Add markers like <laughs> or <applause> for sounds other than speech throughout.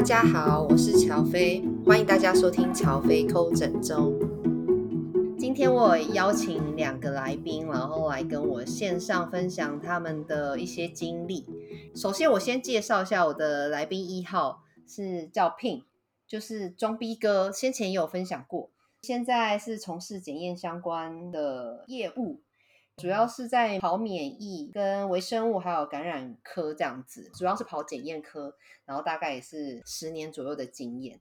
大家好，我是喬飛，歡迎大家收聽喬飛摳整中。今天我邀請兩個來賓，然後來跟我線上分享他們的一些經歷。首先，我先介紹一下我的來賓一號，是叫 Pink，就是裝逼哥，先前也有分享過，現在是從事檢驗相關的業務。主要是在跑免疫、跟微生物，還有感染科這樣子，主要是跑檢驗科，然後大概也是十年左右的經驗。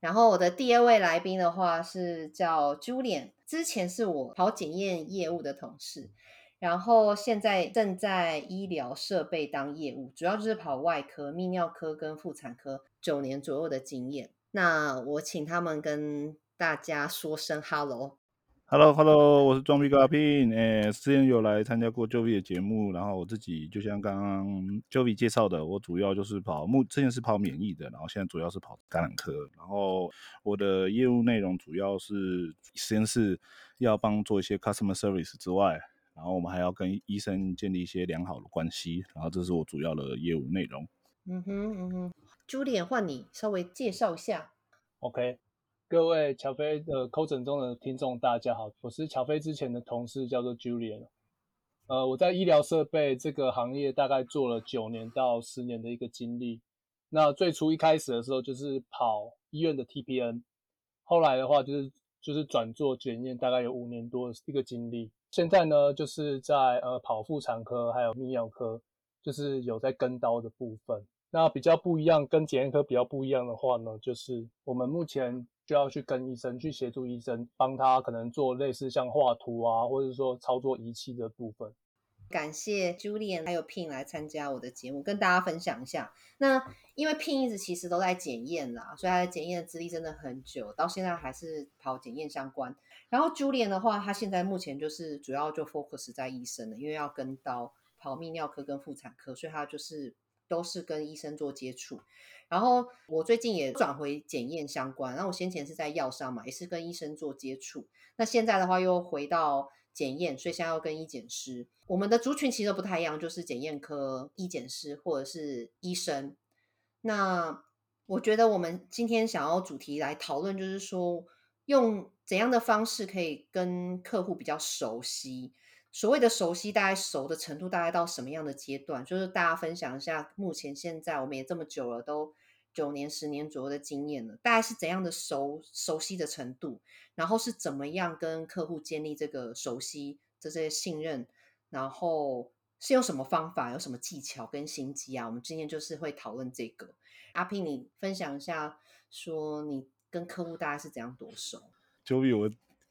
然後我的第二位來賓的話是叫 Julian，之前是我跑檢驗業務的同事，然後現在正在醫療設備當業務，主要就是跑外科、泌尿科跟婦產科，九年左右的經驗。那我請他們跟大家說聲 hello。Hello，Hello，hello，我是裝逼哥阿斌。誒，之前有來參加過 Jovi 的節目，然後我自己就像剛剛 Jovi 介紹的，我主要就是跑目，之前是跑免疫的，然後現在主要是跑感染科。然後我的業務內容主要是實驗室要幫做一些 customer service 之外，然後我們還要跟醫生建立一些良好的關係。然後這是我主要的業務內容。嗯哼，嗯哼，Julian，換你稍微介紹一下。OK。各位喬飛的叩診中的聽眾，大家好，我是喬飛之前的同事，叫做 Julian。呃，我在醫療設備這個行業大概做了九年到十年的一個經歷。那最初一開始的時候就是跑醫院的 TPN，後來的話就是就是轉做檢驗，大概有五年多的一個經歷。現在呢，就是在呃跑婦產科還有泌尿科，就是有在跟刀的部分。那比較不一樣，跟檢驗科比較不一樣的話呢，就是我們目前就要去跟醫生去協助醫生，幫他可能做類似像畫圖啊，或者說操作儀器的部分。感謝 Julian 還有 Pin 來參加我的節目，跟大家分享一下。那因為 Pin 一直其實都在檢驗啦，所以他的檢驗資歷真的很久，到現在還是跑檢驗相關。然後 Julian 的話，他現在目前就是主要就 focus 在醫生了，因為要跟刀跑泌尿科跟婦產科，所以他就是。都是跟醫生做接觸，然後我最近也轉回檢驗相關。那我先前是在藥商嘛，也是跟醫生做接觸。那現在的話又回到檢驗，所以現在要跟醫檢師。我們的族群其實不太一樣，就是檢驗科、醫檢師或者是醫生。那我覺得我們今天想要主題來討論，就是說用怎樣的方式可以跟客戶比較熟悉。所謂的熟悉，大概熟的程度大概到什麼樣的階段？就是大家分享一下，目前現在我們也這麼久了，都九年、十年左右的經驗了，大概是怎樣的熟、熟悉的程度？然後是怎麼樣跟客戶建立這個熟悉這些信任？然後是用什麼方法、有什麼技巧跟心機啊？我們今天就是會討論這個。阿平，你分享一下，說你跟客戶大概是怎樣多熟？Joey，我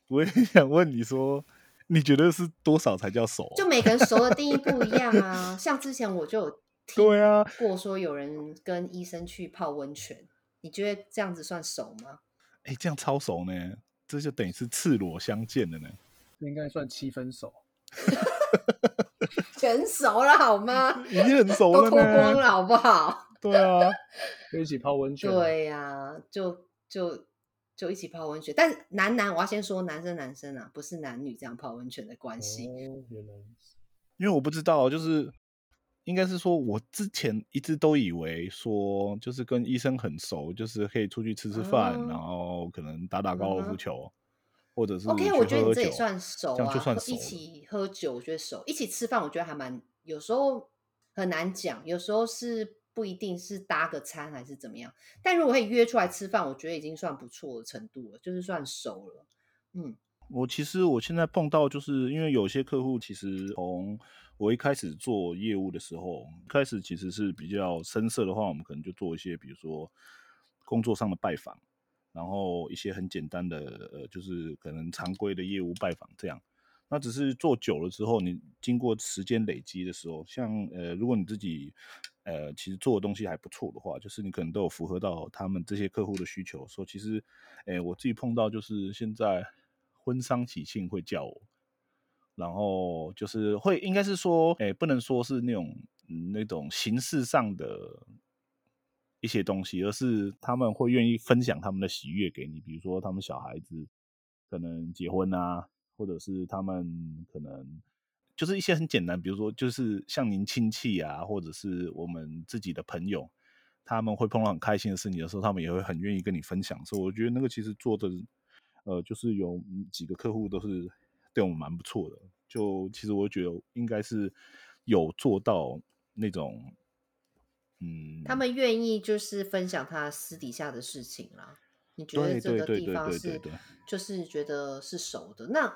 我也想問你說，你覺得是多少才叫熟、啊？就每個人熟的定義不一樣啊。 <laughs> 像之前我就有聽過說有人跟醫生去泡溫泉，啊、你覺得這樣子算熟嗎？哎、欸，這樣超熟呢，這就等於是赤裸相見的呢，應該算七分熟。全 <laughs> <laughs> <laughs> 熟了好嗎？已經很熟了，都脫光了好不好？對啊，就一起泡溫泉。對呀、啊，就就。就一起泡溫泉，但男男，我要先說男生男生啊，不是男女這樣泡溫泉的關係。因為我不知道，就是應該是說，我之前一直都以為說，就是跟醫生很熟，就是可以出去吃吃飯，啊、然後可能打打高爾夫球，嗯啊、或者是 OK，喝喝我覺得你這也算熟啊，這樣就算熟，一起喝酒我覺得熟，一起吃飯我覺得還蠻，有時候很難講，有時候是。不一定是搭個餐還是怎麼樣，但如果可以約出來吃飯，我覺得已經算不錯的程度了，就是算熟了。嗯，我其實我現在碰到就是因為有些客戶，其實從我一開始做業務的時候，一開始其實是比較生澀的話，我們可能就做一些比如說工作上的拜訪，然後一些很簡單的呃，就是可能常規的業務拜訪這樣。那只是做久了之後，你經過時間累積的時候，像呃，如果你自己，呃，其實做的東西還不錯的話，就是你可能都有符合到他們這些客戶的需求。說其實，哎、欸，我自己碰到就是現在婚喪喜慶會叫我，然後就是會應該是說，哎、欸，不能說是那種那種形式上的一些東西，而是他們會願意分享他們的喜悅給你。比如說他們小孩子可能結婚啊，或者是他們可能。就是一些很簡單，比如說，就是像您親戚啊，或者是我們自己的朋友，他們會碰到很開心的事情的時候，他們也會很願意跟你分享。所以，我覺得那個其實做的，呃，就是有幾個客戶都是對我們蠻不錯的。就其實我覺得應該是有做到那種，嗯，他們願意就是分享他私底下的事情啦。你覺得這個地方是，對對對，就是覺得是熟的？那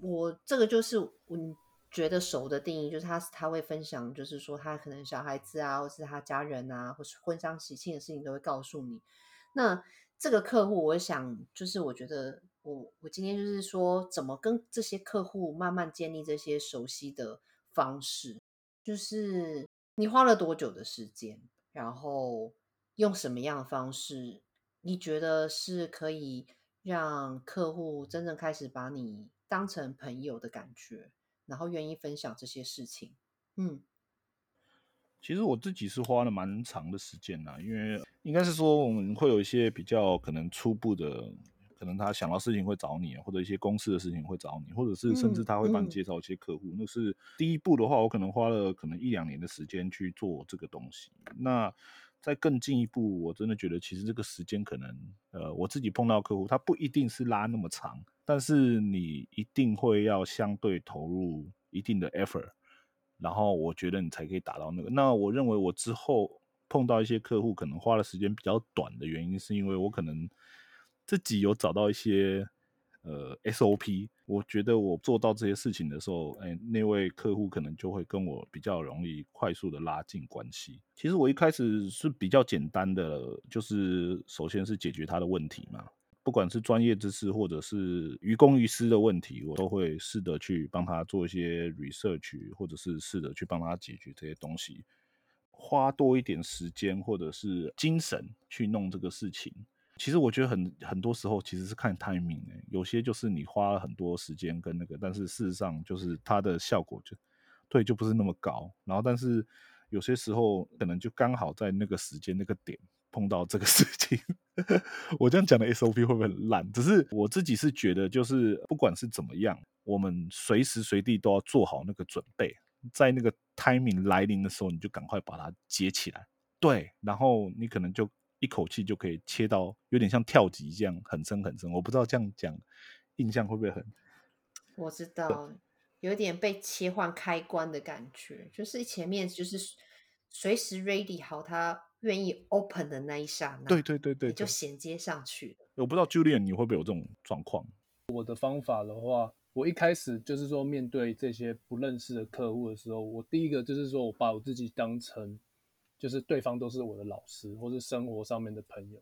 我這個就是我。覺得熟的定義就是他他會分享，就是說他可能小孩子啊，或是他家人啊，或是婚喪喜慶的事情都會告訴你。那這個客戶，我想就是我覺得我我今天就是說，怎麼跟這些客戶慢慢建立這些熟悉的方式？就是你花了多久的時間，然後用什麼樣的方式，你覺得是可以讓客戶真正開始把你當成朋友的感覺？然後願意分享這些事情，嗯，其實我自己是花了蠻長的時間啦，因為應該是說我們會有一些比較可能初步的，可能他想到事情會找你，或者一些公司的事情會找你，或者是甚至他會幫你介紹一些客戶，嗯，那是第一步的話，我可能花了可能一兩年的時間去做這個東西，那。再更進一步，我真的覺得其實這個時間可能，呃，我自己碰到客戶，他不一定是拉那麼長，但是你一定會要相對投入一定的 effort，然後我覺得你才可以達到那個。那我認為我之後碰到一些客戶，可能花的時間比較短的原因，是因為我可能自己有找到一些。呃，SOP，我覺得我做到這些事情的時候，哎，那位客戶可能就會跟我比較容易快速的拉近關係。其實我一開始是比較簡單的，就是首先是解決他的問題嘛，不管是專業知識或者是於公於私的問題，我都會試着去幫他做一些 research，或者是試着去幫他解決這些東西，花多一點時間或者是精神去弄這個事情。其實我覺得很很多時候其實是看 timing 欸，有些就是你花了很多時間跟那個，但是事實上就是它的效果就對，就不是那麼高。然後但是有些時候可能就剛好在那個時間那個點碰到這個事情， <laughs> 我這樣講的 SOP 會不會很爛？只是我自己是覺得就是不管是怎麼樣，我們隨時隨地都要做好那個準備，在那個 timing 來臨的時候，你就趕快把它接起來。對，然後你可能就。一口氣就可以切到，有點像跳級這樣，很深很深。我不知道這樣講，印象會不會很？我知道，對有點被切換開關的感覺，就是前面就是隨時 ready 好，他願意 open 的那一剎那，對對對對，就銜接上去了。我不知道 Julian 你會不會有這種狀況？我的方法的話，我一開始就是說，面對這些不認識的客戶的時候，我第一個就是說我把我自己當成。就是對方都是我的老師，或是生活上面的朋友，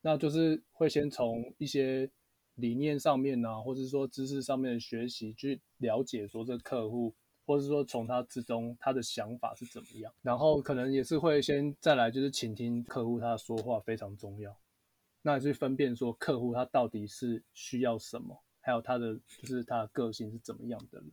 那就是會先從一些理念上面啊，或者說知識上面的學習去了解說這客戶，或者是說從他之中他的想法是怎麼樣，然後可能也是會先，再來就是傾聽客戶，他說話非常重要，那去分辨說客戶他到底是需要什麼，還有他的就是他的個性是怎麼樣的人，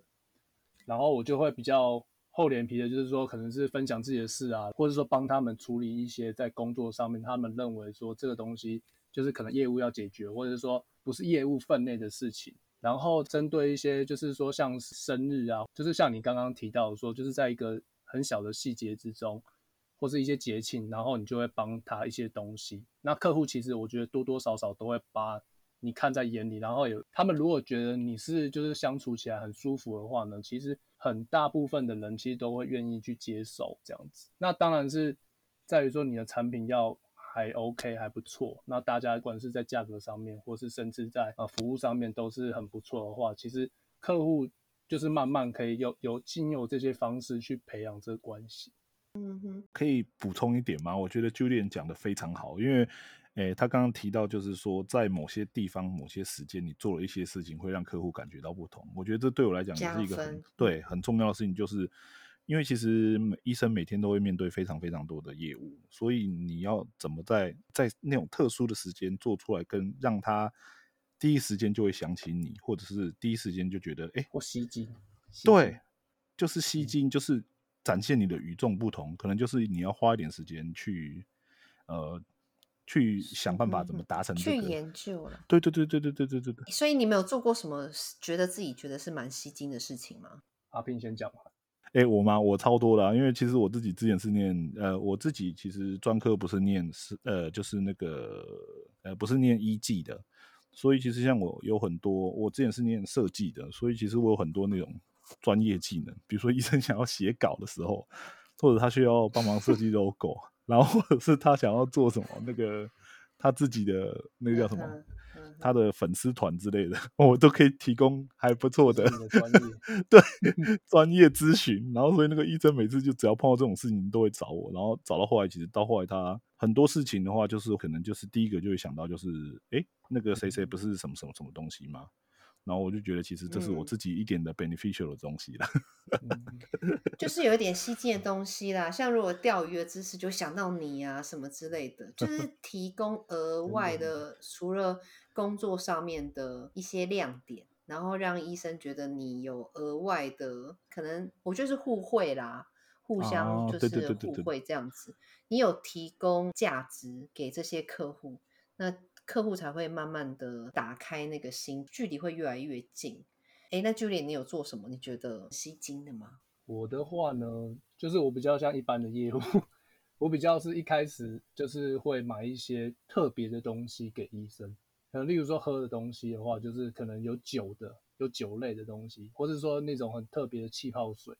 然後我就會比較。厚臉皮的，就是說，可能是分享自己的事啊，或者說幫他們處理一些在工作上面他們認為說這個東西就是可能業務要解決，或者是說不是業務分內的事情。然後針對一些就是說像生日啊，就是像你剛剛提到的說，就是在一個很小的細節之中，或是一些節慶，然後你就會幫他一些東西。那客戶其實我覺得多多少少都會把，你看在眼裡，然後有他們如果覺得你是就是相處起來很舒服的話呢，其實很大部分的人其實都會願意去接受這樣子。那當然是在於說你的產品要還 OK 還不錯，那大家不管是在價格上面，或是甚至在啊服務上面都是很不錯的話，其實客戶就是慢慢可以有有經由這些方式去培養這個關係。嗯哼，可以補充一點嗎？我覺得 Julian 講的非常好，因為。誒、欸，他剛剛提到，就是說，在某些地方、某些時間，你做了一些事情，會讓客戶感覺到不同。我覺得這對我來講也是一個很生對很重要的事情，就是因為其實醫生每天都會面對非常非常多的業務，所以你要怎麼在在那種特殊的時間做出來，跟讓他第一時間就會想起你，或者是第一時間就覺得誒，欸、我吸睛，對，就是吸睛，嗯、就是展現你的與眾不同。可能就是你要花一點時間去，呃。去想辦法怎麼達成，這個嗯，去研究了。對對對對對對對對對。所以你沒有做過什麼覺得自己覺得是蠻吸睛的事情嗎？阿斌先講吧。哎，欸，我嗎？我超多的，啊，因為其實我自己之前是念呃，我自己其實專科不是念是呃，就是那個呃，不是念醫、e、技的。所以其實像我有很多，我之前是念設計的，所以其實我有很多那種專業技能。比如說醫生想要寫稿的時候，或者他需要幫忙設計 logo。 <laughs> 然後或者是他想要做什麼，那個他自己的那個叫什麼，嗯嗯、他的粉絲團之類的，我都可以提供還不錯的，的專業 <laughs> 對，專業諮詢。然後所以那個醫生每次就只要碰到這種事情都會找我，然後找到後來其實到後來他很多事情的話就是可能就是第一個就會想到就是，誒，那個誰誰不是什麼什麼什麼東西嗎？然後我就覺得，其實這是我自己一點的 beneficial 的東西了、嗯， <laughs> 就是有一點吸睛的東西啦。像如果釣魚的知識就想到你啊什麼之類的，就是提供額外的，嗯、除了工作上面的一些亮點，嗯、然後讓醫生覺得你有額外的，可能我覺得是互惠啦，互相就是互惠這樣子，你有提供價值給這些客戶，那。客戶才會慢慢的打開那個心，距離會越來越近。哎，那 Julian，你有做什麼？你覺得吸睛的嗎？我的話呢，就是我比較像一般的業務，我比較是一開始就是會買一些特別的東西給醫生，可能例如說喝的東西的話，就是可能有酒的，有酒類的東西，或是說那種很特別的氣泡水，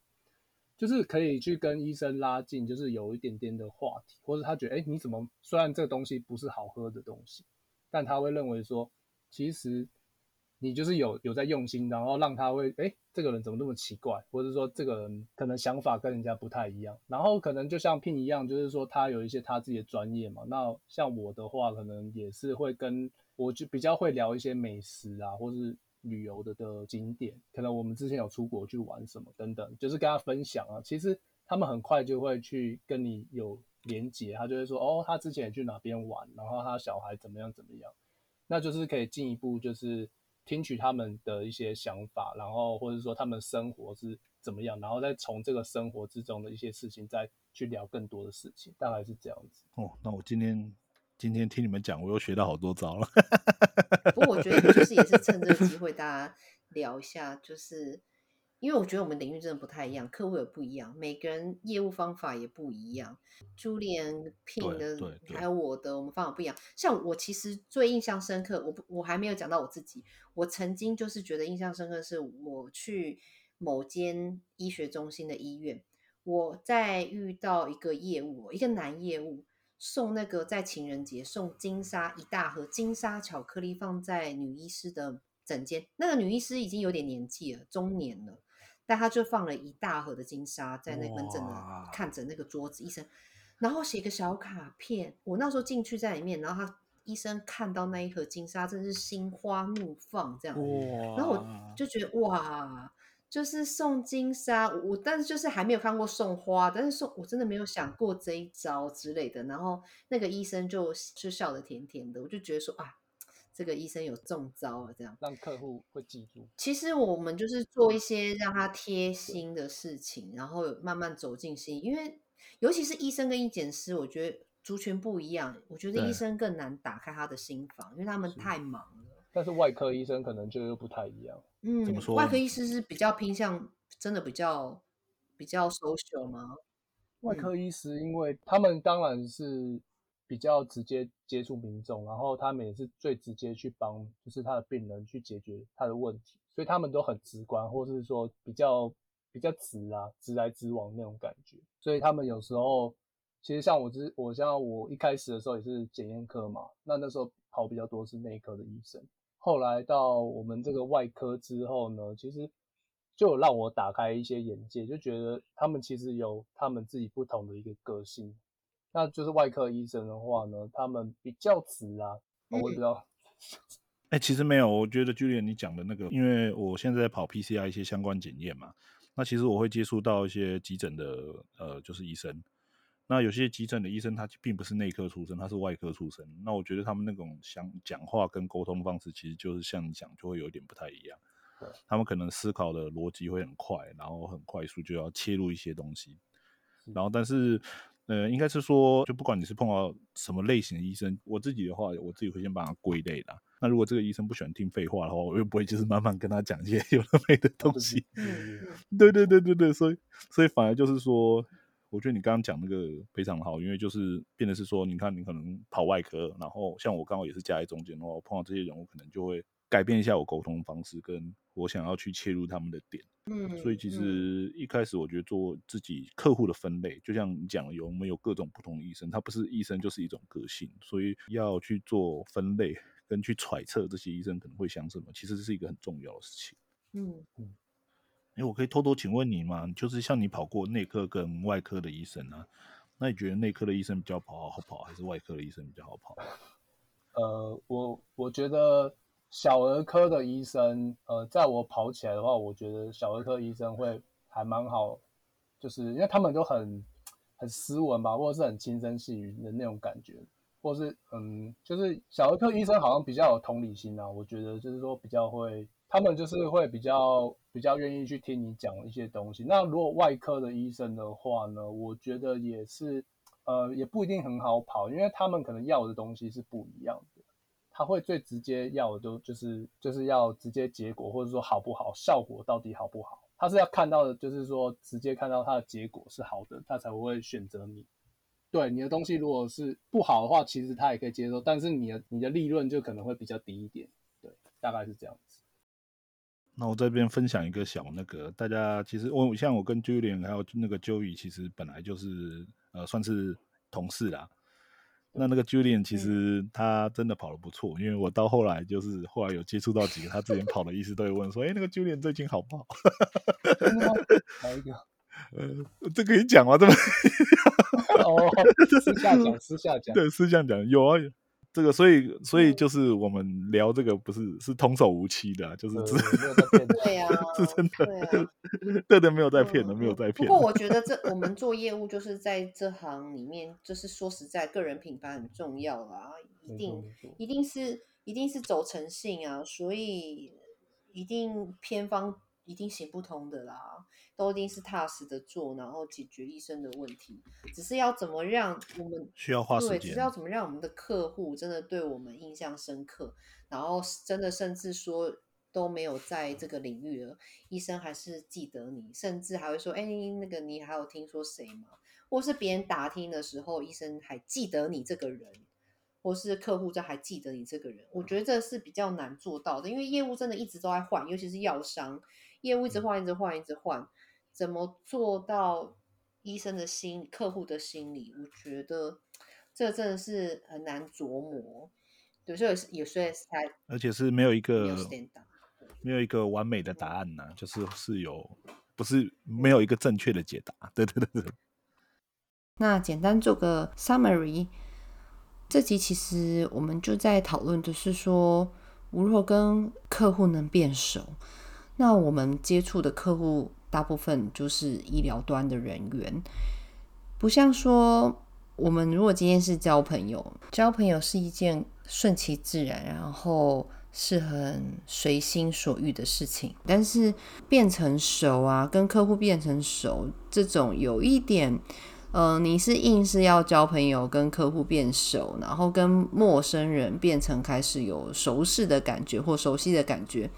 就是可以去跟醫生拉近，就是有一點點的話題，或者他覺得，哎，你怎麼？雖然這個東西不是好喝的東西。但他會認為說，其實你就是有有，在用心，然後讓他會誒，這個人怎麼那麼奇怪，或者說這個人可能想法跟人家不太一樣，然後可能就像聘一樣，就是說他有一些他自己的專業嘛。那像我的話，可能也是會跟我就比較會聊一些美食啊，或是旅遊的的景點，可能我們之前有出國去玩什麼等等，就是跟他分享啊。其實他們很快就會去跟你有。連接，他就會說哦，他之前也去哪邊玩，然後他小孩怎麼樣怎麼樣，那就是可以進一步就是聽取他們的一些想法，然後或者說他們生活是怎麼樣，然後再從這個生活之中的一些事情再去聊更多的事情，大概是這樣子。哦，那我今天今天聽你們講，我又學到好多招了。 <laughs> 不過我覺得就是也是趁這個機會大家聊一下，就是。因為我覺得我們領域真的不太一樣，客戶也不一樣，每個人業務方法也不一樣。朱連聘的，還有我的，我們方法不一樣。像我其實最印象深刻，我我還沒有講到我自己，我曾經就是覺得印象深刻，是我去某間醫學中心的醫院，我在遇到一個業務，一個男業務送那個在情人節送金沙一大盒金沙巧克力放在女醫師的診間，那個女醫師已經有點年紀了，中年了。但他就放了一大盒的金沙在那邊，真的看着那個桌子哇醫生，然後寫個小卡片。我那時候進去在裡面，然後他醫生看到那一盒金沙，真的是心花怒放這樣。哇然後我就覺得哇，就是送金沙，我但是就是還沒有看過送花，但是送我真的沒有想過這一招之類的。然後那個醫生就就笑得甜甜的，我就覺得說啊。這個醫生有中招啊，這樣讓客戶會記住。其實我們就是做一些讓他貼心的事情，然後慢慢走進心。因為尤其是醫生跟醫檢師，我覺得族群不一樣。我覺得醫生更難打開他的心房，對因為他們太忙了。但是外科醫生可能就又不太一樣。嗯，怎麼說？外科醫師是比較偏向真的比較比較 social 嗎？嗯，外科醫師因為他們當然是。比較直接接觸民眾，然後他們也是最直接去幫，就是他的病人去解決他的問題，所以他們都很直觀，或是說比較比較直啊，直來直往那種感覺。所以他們有時候，其實像我之，我像我一開始的時候也是檢驗科嘛，那那時候跑比較多是內科的醫生，後來到我們這個外科之後呢，其實就讓我打開一些眼界，就覺得他們其實有他們自己不同的一個個性。那就是外科醫生的話呢，他們比較直啊，嗯哦、我也不知道。哎、欸，其實沒有，我覺得 Julian 你講的那個，因為我現在在跑 PCR 一些相關檢驗嘛，那其實我會接觸到一些急診的呃，就是醫生。那有些急診的醫生他並不是內科出身，他是外科出身。那我覺得他們那種想講話跟溝通方式，其實就是像你講，就會有一點不太一樣。對他們可能思考的邏輯會很快，然後很快速就要切入一些東西，是然後但是。呃，應該是說，就不管你是碰到什麼類型的醫生，我自己的話，我自己會先把它歸類啦。那如果這個醫生不喜歡聽廢話的話，我又不會就是慢慢跟他講一些有的沒的東西。 <laughs> <laughs> 對對對對對，所以所以反而就是說，我覺得你剛剛講那個非常好，因為就是變得是說，你看你可能跑外科，然後像我剛好也是夾在中間的話，我碰到這些人我可能就會。改變一下我溝通的方式，跟我想要去切入他們的點。嗯，所以其實一開始我覺得做自己客戶的分類，嗯、就像你講有我們有各種不同的醫生，他不是醫生就是一種個性，所以要去做分類跟去揣測這些醫生可能會想什麼，其實這是一個很重要的事情。嗯嗯，哎、欸，我可以偷偷請問你嗎？就是像你跑過內科跟外科的醫生啊，那你覺得內科的醫生比較跑好好跑，還是外科的醫生比較好跑？呃，我我覺得。小兒科的醫生，呃，在我跑起來的話，我覺得小兒科醫生會還蠻好，就是因為他們都很很斯文吧，或者是很輕聲細語的那種感覺，或是嗯，就是小兒科醫生好像比較有同理心啊，我覺得就是說比較會，他們就是會比較對比較願意去聽你講一些東西。那如果外科的醫生的話呢，我覺得也是，呃，也不一定很好跑，因為他們可能要的東西是不一樣的。他會最直接要的，就是就是要直接結果，或者說好不好，效果到底好不好？他是要看到的，就是說直接看到他的結果是好的，他才會，會選擇你。對，你的東西如果是不好的話，其實他也可以接受，但是你的你的利潤就可能會比較低一點。對，大概是這樣子。那我這邊分享一個小那個，大家其實我像我跟 Julian 還有那個 Joey，其實本來就是呃算是同事啦。那那個 Julian 其實他真的跑得不錯，嗯、因為我到後來就是後來有接觸到幾個他之前跑的，醫師都有問說，哎、 <laughs> 欸，那個 Julian 最近好不好？哈哈哈，好一點。呃，這可以講嗎？這麼。哦，私下講，私下講。 <laughs> 對，私下講，有啊。有。這個，所以，所以就是我們聊這個，不是是童叟無欺的，啊就是呃、的，就、 <laughs> 啊、是真的，對啊，是真的，對的沒有在騙的，沒有在騙。不過我覺得這我們做業務，就是在這行裡面， <laughs> 就是說實在，個人品牌很重要啊，一定，嗯嗯嗯、一定是，一定是走誠信啊，所以一定偏方，一定行不通的啦，都一定是踏實的做，然後解決醫生的問題。只是要怎麼讓我們需要花時間，對，只是要怎麼讓我們的客戶真的對我們印象深刻，然後真的甚至說都沒有在這個領域了，醫生還是記得你，甚至還會說：“哎，那個你還有聽說誰嗎？”或是別人打聽的時候，醫生還記得你這個人，或是客戶就還記得你這個人，我覺得這是比較難做到的，因為業務真的一直都在換，尤其是藥商。業務一直換，一直換，一直換，怎麼做到醫生的心、客戶的心理？我覺得這真的是很難琢磨。有時候，有時候而且是沒有一個沒有一個完美的答案呢、啊，嗯、就是是有不是沒有一個正確的解答。對對對。那簡單做個 summary，這集其實我們就在討論，就是說，如何跟客戶能變熟。那我們接觸的客戶大部分就是醫療端的人員，不像說我們如果今天是交朋友，交朋友是一件順其自然，然後是很隨心所欲的事情。但是變成熟啊，跟客戶變成熟這種有一點，呃，你是硬是要交朋友，跟客戶變熟，然後跟陌生人變成開始有熟悉的感覺或熟悉的感覺。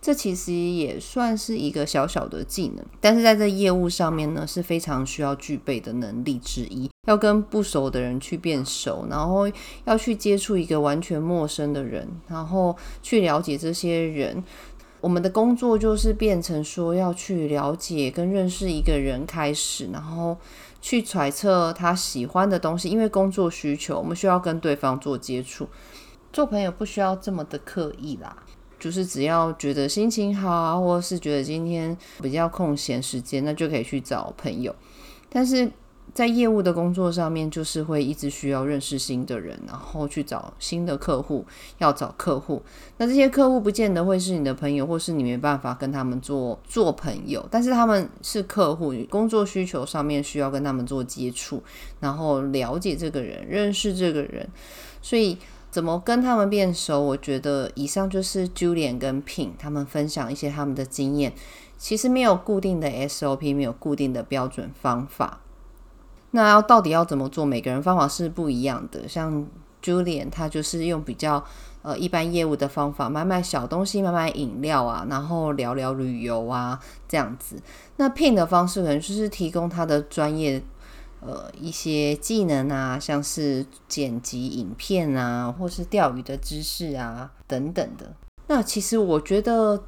這其實也算是一個小小的技能，但是在這業務上面呢，是非常需要具備的能力之一。要跟不熟的人去變熟，然後要去接觸一個完全陌生的人，然後去了解這些人。我們的工作就是變成說要去了解跟認識一個人開始，然後去揣測他喜歡的東西，因為工作需求，我們需要跟對方做接觸，做朋友不需要這麼的刻意啦。就是只要覺得心情好啊，或者是覺得今天比較空閒時間，那就可以去找朋友。但是在業務的工作上面，就是會一直需要認識新的人，然後去找新的客戶，要找客戶。那這些客戶不見得會是你的朋友，或是你沒辦法跟他們做做朋友，但是他們是客戶，與工作需求上面需要跟他們做接觸，然後了解這個人，認識這個人。所以怎麼跟他們變熟？我覺得以上就是 Julian 跟 Pin 他們分享一些他們的經驗。其實沒有固定的 SOP，沒有固定的標準方法。那要到底要怎麼做？每個人方法是不一樣的。像 Julian 他就是用比較呃一般業務的方法，買買小東西，買買飲料啊，然後聊聊旅遊啊這樣子。那 Pin 的方式可能就是提供他的專業。呃，一些技能啊，像是剪輯影片啊，或是釣魚的知識啊，等等的。那其實我覺得，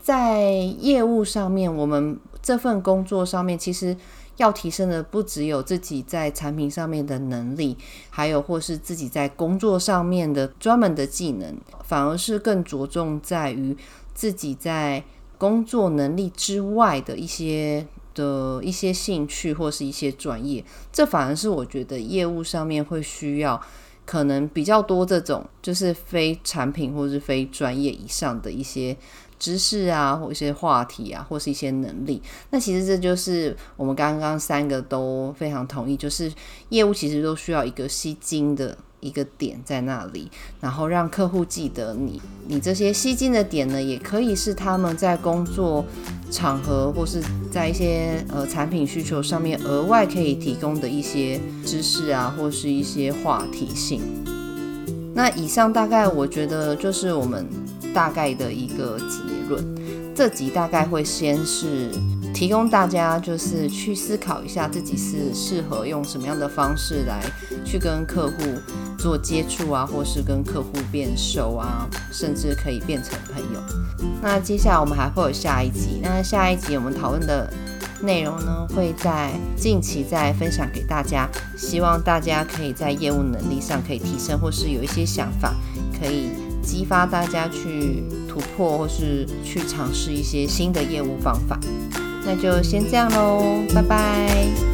在業務上面，我們這份工作上面，其實要提升的不只有自己在產品上面的能力，還有或是自己在工作上面的專門的技能，反而是更着重在於自己在工作能力之外的一些。的一些興趣或是一些專業，這反而是我覺得業務上面會需要，可能比較多這種，就是非產品或是非專業以上的一些。知識啊，或一些話題啊，或是一些能力，那其實這就是我們剛剛三個都非常同意，就是業務其實都需要一個吸睛的一個點在那裡，然後讓客戶記得你。你這些吸睛的點呢，也可以是他們在工作場合或是在一些呃產品需求上面額外可以提供的一些知識啊，或是一些話題性。那以上大概我覺得就是我們大概的一個論，這集大概會先是提供大家，就是去思考一下自己是適合用什麼樣的方式來去跟客戶做接觸啊，或是跟客戶變熟啊，甚至可以變成朋友。那接下來我們還會有下一集，那下一集我們討論的內容呢，會在近期再分享給大家。希望大家可以在業務能力上可以提升，或是有一些想法，可以激發大家去。突破，或是去嘗試一些新的業務方法，那就先這樣嘍，拜拜。